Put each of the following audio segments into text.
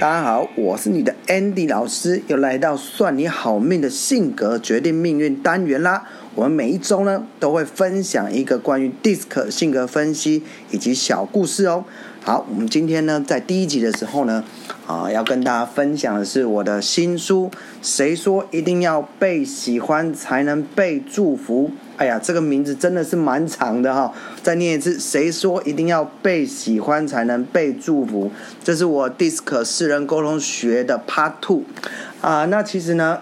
大家好，我是你的 Andy 老師，又來到算你好命的性格決定命運單元啦。我們每一周呢都會分享一個關於 DISC 性格分析以及小故事哦。好，我們今天呢在第一集的時候呢，啊、呃，要跟大家分享的是我的新書《誰說一定要被喜歡才能被祝福》。哎呀，這個名字真的是蠻長的哈，再念一次。誰說一定要被喜歡才能被祝福？這是我《DISC 識人溝通學》的 Part Two 啊、呃。那其實呢，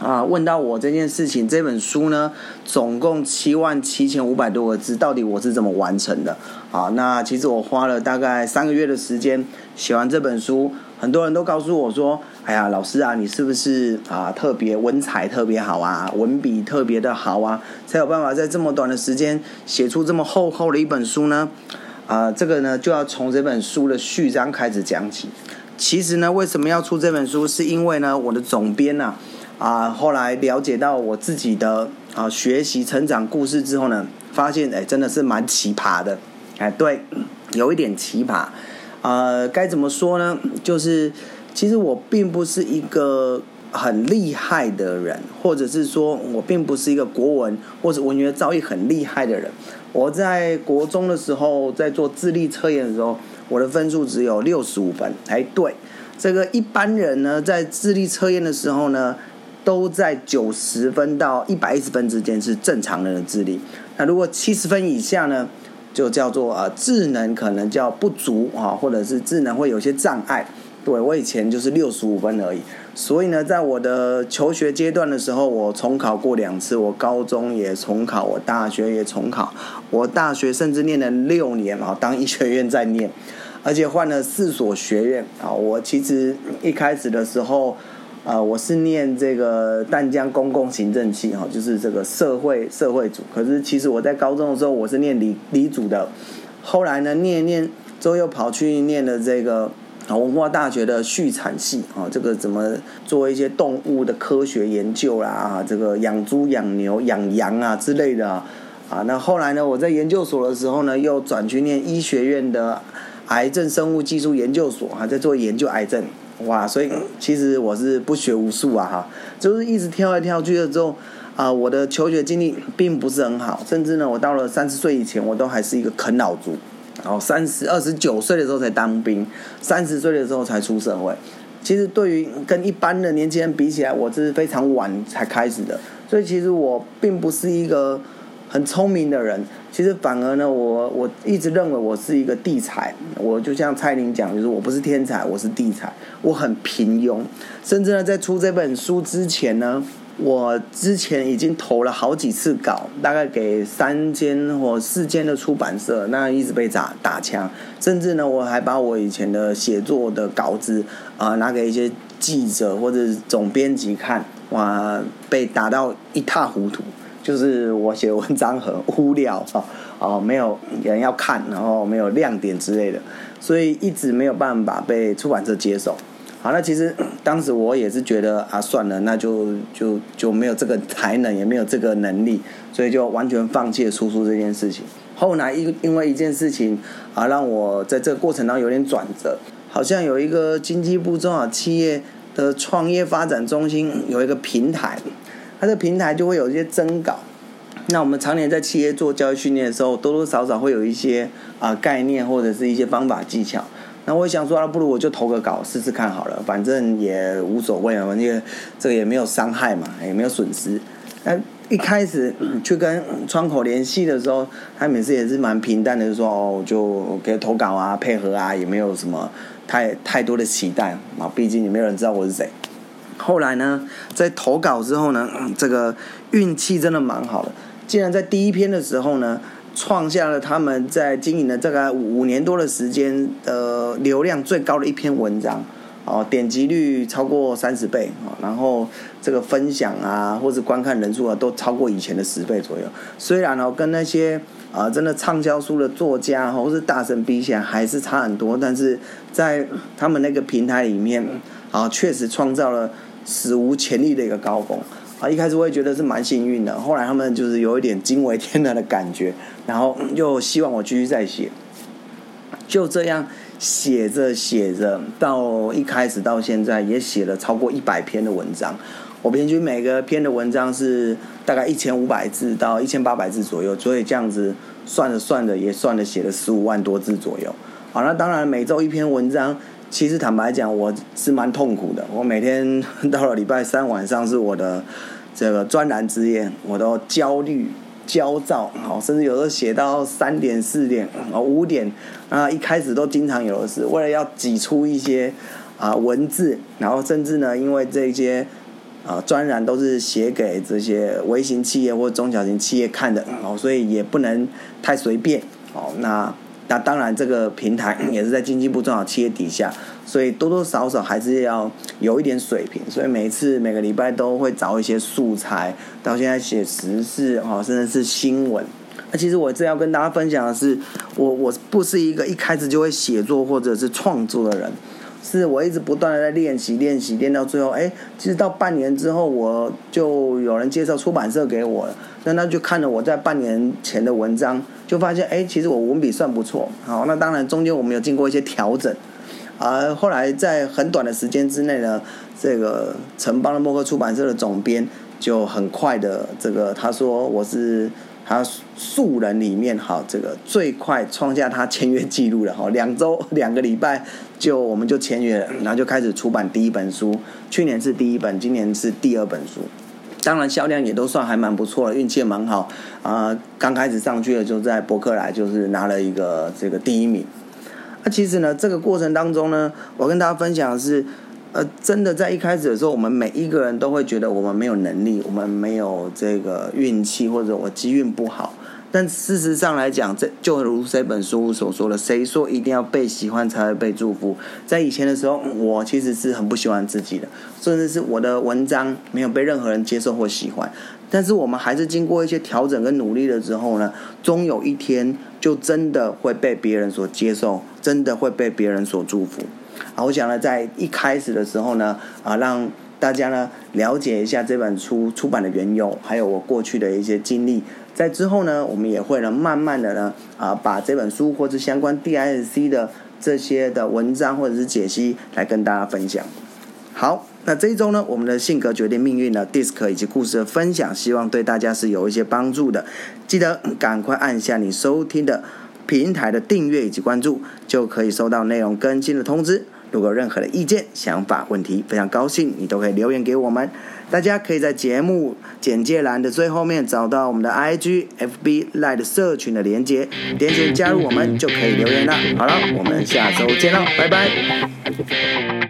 啊、呃，問到我這件事情，這本書呢，總共七萬七千五百多個字，到底我是怎麼完成的？啊，那其實我花了大概三個月的時間寫完這本書。很多人都告訴我說：“哎呀，老師啊，你是不是啊、呃、特別文采特別好啊，文筆特別的好啊，才有辦法在這麼短的時間寫出這麼厚厚的一本書呢？”啊、呃，這個呢就要從這本書的序章開始講起。其實呢，為什麼要出這本書，是因為呢，我的總編呢、啊，啊、呃，後來了解到我自己的啊、呃、學習成長故事之後呢，發現哎，真的是蠻奇葩的，哎，對，有一點奇葩。呃，該怎麼說呢？就是其實我並不是一個很厲害的人，或者是說我並不是一個國文或者文學造詣很厲害的人。我在國中的時候，在做智力測驗的時候，我的分數只有六十五分。哎，對，這個一般人呢，在智力測驗的時候呢，都在九十分到一百一十分之間是正常人的智力。那如果七十分以下呢？就叫做啊、呃，智能可能叫不足啊、哦，或者是智能會有些障礙。對我以前就是六十五分而已，所以呢，在我的求學階段的時候，我重考過兩次，我高中也重考，我大學也重考，我大學甚至念了六年啊、哦，當醫學院在念，而且換了四所學院啊、哦。我其實一開始的時候。啊、呃，我是念這個淡江公共行政系哈、哦，就是這個社會社會組。可是其實我在高中的時候，我是念理理組的。後來呢，念念，之後又跑去念了這個文化大學的畜產系啊、哦，這個怎麼做一些動物的科學研究啦啊，啊，這個養豬、養牛、養羊啊之類的啊，啊。那後來呢，我在研究所的時候呢，又轉去念醫學院的癌症生物技術研究所啊，在做研究癌症。哇，所以其實我是不學無術啊，哈，就是一直跳來跳去的，之後啊、呃，我的求學經歷並不是很好，甚至呢，我到了三十歲以前，我都還是一個啃老族，然後三十二十九歲的時候才當兵，三十歲的時候才出社會。其實對於跟一般的年輕人比起來，我是非常晚才開始的，所以其實我並不是一個。很聰明的人，其實反而呢，我我一直認為我是一個地才。我就像蔡林講，就是我不是天才，我是地才，我很平庸。甚至呢，在出這本書之前呢，我之前已經投了好幾次稿，大概給三間或四間的出版社，那一直被打打槍。甚至呢，我還把我以前的寫作的稿子啊、呃，拿給一些記者或者總編輯看，哇，被打到一塌糊塗。就是我寫文章很無聊哈，啊、哦哦，沒有人要看，然後沒有亮點之類的，所以一直沒有辦法被出版社接受。好，那其實當時我也是覺得啊，算了，那就就就沒有這個才能，也沒有這個能力，所以就完全放棄了輸出這件事情。後來因，因為一件事情啊，讓我在這個過程當中有點轉折，好像有一個經濟部中央企業的創業發展中心有一個平台。他的平台就會有一些徵稿，那我們常年在企業做教育訓練的時候，多多少少會有一些啊、呃、概念或者是一些方法技巧。那我想說、啊，不如我就投個稿試試看好了，反正也無所謂啊，反正這個也沒有傷害嘛，也沒有損失。那一開始去跟窗口聯繫的時候，他每次也是蠻平淡的，就說哦，就給投稿啊，配合啊，也沒有什麼太太多的期待啊，畢竟也沒有人知道我是誰。後來呢，在投稿之後呢，嗯、這個運氣真的蠻好的，竟然，在第一篇的時候呢，創下了他們在經營的這個五年多的時間呃流量最高的一篇文章，哦，點擊率超過三十倍，哦，然後這個分享啊或者，觀看人數啊都超過以前的十倍左右。雖然哦跟那些啊、呃、真的暢銷書的作家或是大神比起來還是差很多，但是在他們那個平台裡面啊確實創造了。史無前例的一個高峰啊！一開始我也覺得是蠻幸運的，後來他們就是有一點驚為天人的感覺，然後又希望我繼續再寫，就這樣寫着寫着，到一開始到現在也寫了超過一百篇的文章，我平均每個篇的文章是大概一千五百字到一千八百字左右，所以這樣子算着算着也算了寫了十五萬多字左右。好，那當然每週一篇文章。其實坦白講，我是蠻痛苦的。我每天到了禮拜三晚上是我的這個專欄之夜，我都焦慮、焦躁，甚至有時候寫到三點、四點、五點，那一開始都經常有的是為了要擠出一些啊文字，然後甚至呢，因為這些啊專欄都是寫給這些微型企業或中小型企業看的哦，所以也不能太隨便哦。那。那、啊、當然，這個平台也是在經濟部中小企業底下，所以多多少少還是要有一點水平。所以每次每個禮拜都會找一些素材，到現在寫時事哦，甚至是新聞。那、啊、其實我這要跟大家分享的是，我我不是一個一開始就會寫作或者是創作的人。是我一直不斷的在練習，練習，練到最後，哎，其實到半年之後，我就有人介紹出版社給我了，那他就看了我在半年前的文章，就發現，哎，其實我文筆算不錯，好，那當然中間我們有經過一些調整，啊、呃，後來在很短的時間之內呢，這個城邦的默克出版社的總編就很快的這個他說我是。他、啊、素人裡面，哈，這個最快創下他簽約記錄了哈，兩週兩個禮拜就我們就簽約了，然後就開始出版第一本書，去年是第一本，今年是第二本書，當然銷量也都算還蠻不錯的，運氣也蠻好啊，剛、呃、開始上去了就在博客來就是拿了一個這個第一名，那、啊、其實呢，這個過程當中呢，我跟大家分享的是。呃，真的在一開始的時候，我們每一個人都會覺得我們沒有能力，我們沒有這個運氣，或者我機運不好。但事實上來講，這就如這本書所說的，誰說一定要被喜歡才會被祝福？在以前的時候，我其實是很不喜歡自己的，甚至是我的文章沒有被任何人接受或喜歡。但是我們還是經過一些調整跟努力了之後呢，終有一天就真的會被別人所接受，真的會被別人所祝福。啊，我想呢，在一開始的時候呢，啊，讓大家呢了解一下這本書出版的緣由，還有我過去的一些經歷。在之後呢，我們也會呢，慢慢的呢，啊，把這本書或是相關 DISC 的這些的文章或者是解析來跟大家分享。好，那這一周呢，我們的性格決定命運呢，DISC 以及故事的分享，希望對大家是有一些幫助的。記得趕快按下你收聽的。平臺的訂閱以及關注，就可以收到內容更新的通知。如果有任何的意見、想法、問題，非常高興你都可以留言給我們。大家可以在節目簡介欄的最後面找到我們的 IG、FB、LINE 社群的鏈接，點擊加入我們就可以留言了。好了，我們下周見了，拜拜。